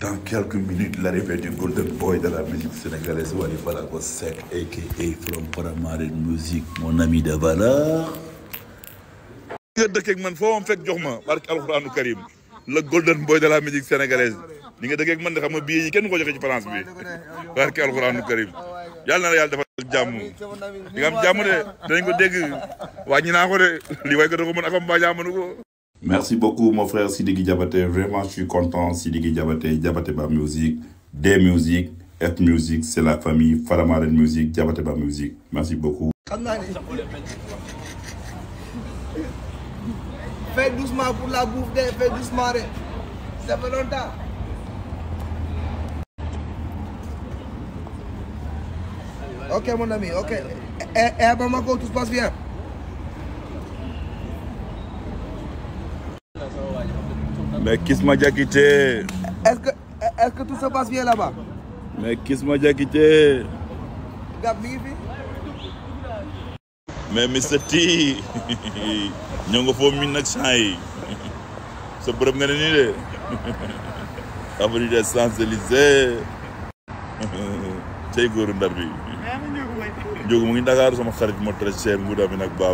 dans quelques minutes l'arrivée du Golden Boy de la musique sénégalaise Wally Ballago sec. aka from Paramaribo Music mon ami de valeur nga de ak man en am fekk Par ma barke alxuraanu karim le Golden Boy de la musique sénégalaise ni nga de ak man de xam nga billet yi kenn ko joxe ci France bi barke alxuraanu karim yàlla na yàlla dafa jàmm Ni nga jamu. de dañ ko dégg wañina ko de li way ko da ko mën accompagner ko Merci beaucoup, mon frère Sidi Diabaté. Vraiment, je suis content. Sidi Diabaté, Diabaté Ba Music, des Music, F Music, c'est la famille, Faramaren Music, Diabaté Ba Music. Merci beaucoup. Fais doucement pour la bouffe, fais doucement. Ça fait longtemps. Ok, mon ami, ok. Et, à et à tout se passe bien. mais Kisma Diakité. est-ce que est se passe bien là-bas. mais Kisma Diakité. Gab mi ngi fi. mais Mr T ñoo nga foofu miin nag champs yi sa bërëb nga ne nii de cey góoru bi njógu mu ngi Dakar sama xarit mo très cher nguuda mi nag